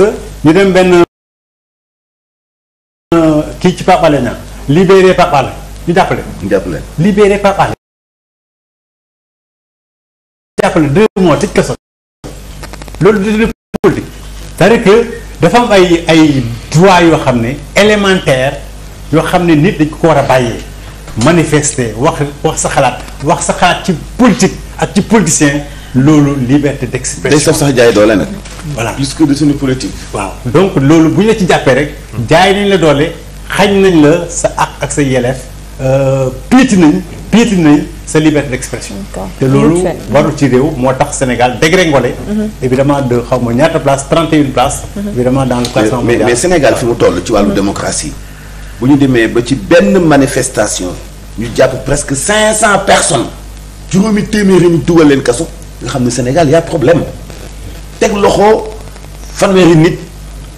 PDS ñu dem benn euh, kii ci Pape Alé Niang libéré Pape Alé ñu jàppale. ñu jàppale libéré Pape Alé. jàppale deux mois tëj kaso loolu du politique c'est-à-dire que dafa am ay ay droit yoo xam ne élémentaire yoo xam nit dañ ko war a manifester wax wax sa xalaat wax sa xalaat ci politique ak ci politicien loolu liberté d'expression voilà jusque de niveau politique. waaw donc le bu la ci jappé rek. jaay nañ la doole xañ nañ la sa ak ak sa yeleef. Euh, piéti nañ piéti nañ sa liberté d'expression. te loolu warul ci réew moo tax Sénégal dégringolé. Mm-hmm. évidemment de xaw ma ñaata place 31 places. Mm-hmm. évidemment dans le classement mondial mais Sénégal fi mu toll ci walu mm-hmm. démocratie. bu ñu demee ba ci benn manifestation ñu jàpp presque 500 personnes juróomi téeméeri ñu dugal leen kaso nga xam ne Sénégal y a problème teg loxo fanweeri nit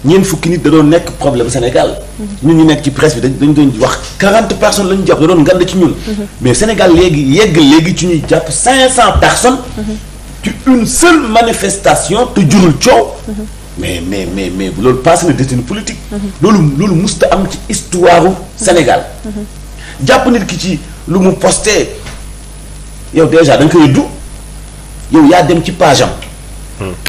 ñeen fukki nit da doon nekk problème Sénégal. Mhm. ñun ñu nekk ci presse bi dañ doon wax 40 personnes lañu ñu jàpp da doon ngand ci ñun. Mhm. mais Sénégal léegi yegg léegi ci ñuy jàpp 500 personnes. Mhm. ci une seule manifestation te jurul coow. mais mais mais mais loolu passé na détenu politique. loolu loolu musta am ci histoire Sénégal. jàpp nit ki ci lu mu posté yow déjà da nga koy du yow yaa dem ci page am.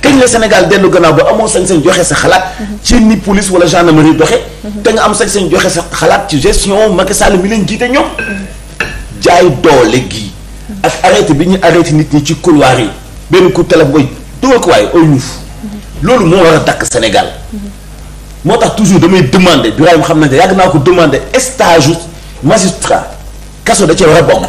kañ la Sénégal dellu gannaaw ba amoo sañ-sañ joxe sa xalaat. ci ni police wala gendarmerie doxe te nga am sañ-sañ joxe sa xalaat ci gestion Macky Sall mi leen jiite ñoom. jaay doole gi. ak arrêté bi ñu arrêté nit ni ci couloir yi. benn coup téléphone booy dugal ko waaye ooy ñuuf. loolu moo war a Sénégal. motax toujours damay demander Birahim xam na ne yàgg ko demander stage magistrat kasso da cee war a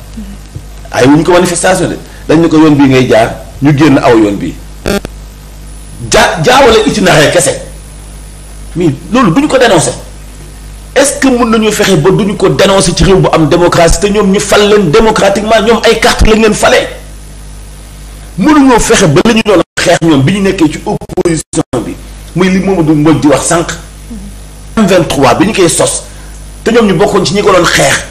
ay wuñ ko manifestation de dañ ne ko yoon bii ngay jaar ñu génn aw yoon bii jaa jaawale itinéraire kese mais loolu du ñu ko dénoncé est-ce que mën nañu fexe ba du ñu ko dénoncé ci réew bu am démocratie te ñoom ñu fal leen démocratiquement ñoom ay carte lañ leen falee mënuñoo fexe ba la ñu doon xeex ñoom bi ñu nekkee ci opposition bi muy li du Mbodj di wax sànq. M23 bi ñu koy sos te ñoom ñu bokkoon ci ñu ko doon xeex.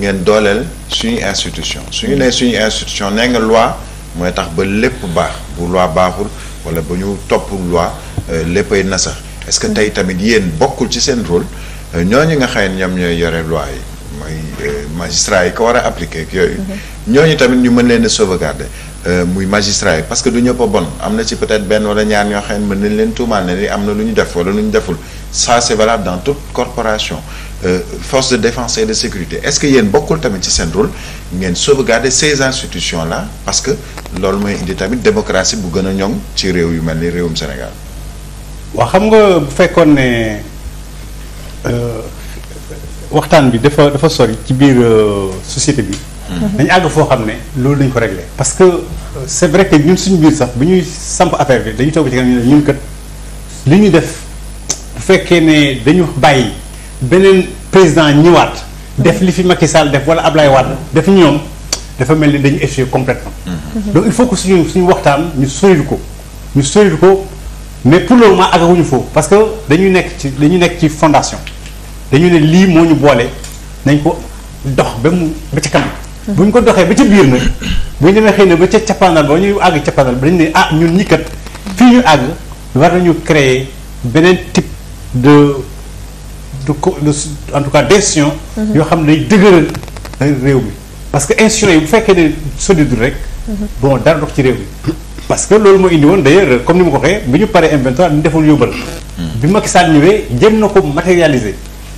ngeen dolel suñu institution suñu institution nga loi tax ba bu loi wala ba ñu loi euh, est-ce que une tamit yeen de ci sen rôle euh, ñoñu nga xay ñam ñoy yoré loi yi euh, magistrat yi ko appliquer mm-hmm. tamit ñu sauvegarder magistrat parce que du une bon peut-être ben wala ñaar ça c'est valable dans toute corporation euh, force de défense et de sécurité est-ce que yéen bokkul tamit ci seen rôle ngeen sauvegarder ces institutions là parce que loolu mooy indi tamit démocratie bu gën a ñoŋ ci réew yu mel ni Sénégal. Wa xam nga bu fekkoon ne euh, waxtaan bi dafa dafa sori ci biir euh, société bi. Mhm. dañu àgg fo xam ne loolu dañu ko réglé. parce que c'est vrai que ñun suñu biir sax bu ñuy samp affaire bi dañu toog ci kanam ñun kat li ñu def bu fekkee ne dañu bàyyi benen président ñëwaat def li fi Macky def wala Ablaye def dafa complètement mhm. donc il faut que suñu suñu waxtaan ñu ko ñu ko mais pour le moment parce que dañu nekk ci dañu fondation dañu nañ ko dox ba mu ba mhm. ko ba bu ñu ba ba ba ne ah ñun ñi kat war nañu créer type de de en tout cas décision mhm. yo xamné ne day réew mi parce que institution yi bu fekkee ne solide rek mhm. bon dara dox ci réew mi parce que loolu mo indi won d'ailleurs comme ni ma xé biñu paré ñu paree M23 ñu deful yóbbal mhm. bi Macky Sall ñëwee jëm na matérialiser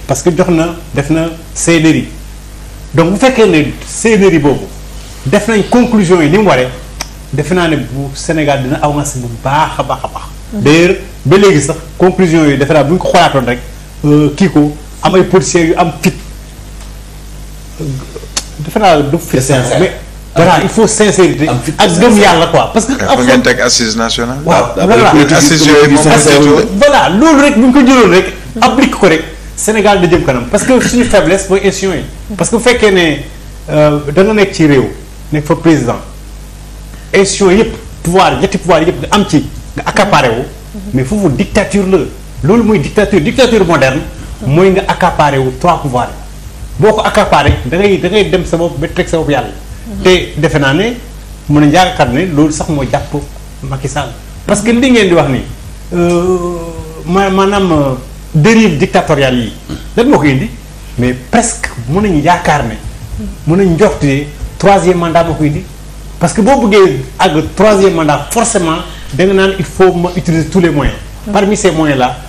parce que jox na def na CNRI donc bu féké né CNRI bobu def nañ conclusion yi ni mu waré defe naa ne bu Sénégal dina avancer bu baax a baax baax d'ailleurs ba léegi sax conclusion yi defe naa bu ñu ko xoolaatoon rek euh, kii ko am ay policiers yu am fit defe naa du fit. mais voilà il faut sincérité. am fit ak gëm yalla quoi parce que. am ngeen tek assise nationale. waaw assise yooyu voilà loolu rek bu ñu ko jëloon rek. applique ko rek Sénégal da jëm kanam parce que suñu faiblesse moy institution yi. parce que bu fekkee ne euh, da nga nek ci réew nekk fa président institution yëpp pouvoir ñetti pouvoir yëpp nga am ci nga accaparé wu mhm. mais fofu dictature la lolu moy dictature dictature moderne moy nga accaparé wu trois pouvoirs boko accaparer accaparé da ngay da ngay dem sa bopp ba teg sa bopp yàlla te defe naa ne mën a njaagakat ne loolu sax moy japp Macky Sall parce que li ngeen di wax ni euh manam euh, dérive dictatoriale yi dañ moko indi mais presque mon nañu yaakaar mon mën nañu njort troisième mandat moko indi parce que bo bëggé ag troisième mandat forcément da nga il faut utiliser tous les moyens parmi ces moyens là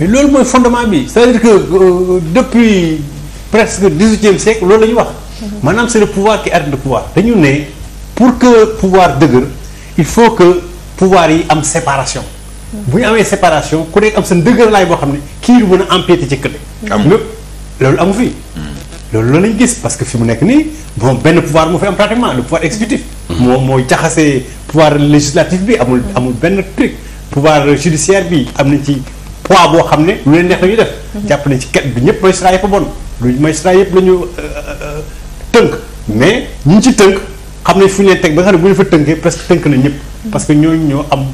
le loolu mooy fondement c'est-à-dire que euh, depuis presque 18e siècle loolu la maintenant c'est le pouvoir qui est le pouvoir nous né pour que pouvoir dëgër il faut que pouvoir yi am séparation Vous avez séparation ku nekk am seen de laay boo xam ne kii du mën a empiété ci kële lépp Le amu fi parce que si mu nekk ni bon le pouvoir moo fi pratiquement le pouvoir exécutif moo mooy jaxasee pouvoir législatif bi amul amul benn truc pouvoir judiciaire bi am poids bo xam ne lu leen neex ñu def japp ne ci kat bi moy magistrat fa bon lu moy yëpp la lañu teunk mais ñu ci teunk xam fu ñu tek ba nga bu ñu fa teunké presque teunk na ñepp parce que ñoy ñoo am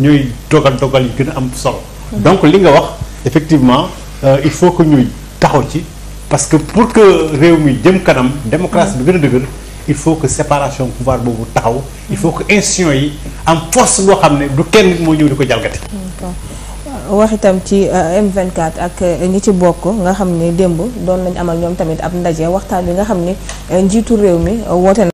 ñoy dogal dogal yi gëna am solo donc li nga wax effectivement euh, il faut que ñu taxaw ci parce que pour que réew mi jëm kanam démocratie bi gëna dëgël il faut que séparation pouvoir bobu taxaw il faut que institution yi am force bo xam du kenn mo ñëw diko ko wax itam ci euh, M24 ak euh, ñi ci bokk nga xam ni démb doon nañ amal ñoom tamit ab ndaje waxtaan bi nga xam ni euh, njiitu réew mi woote na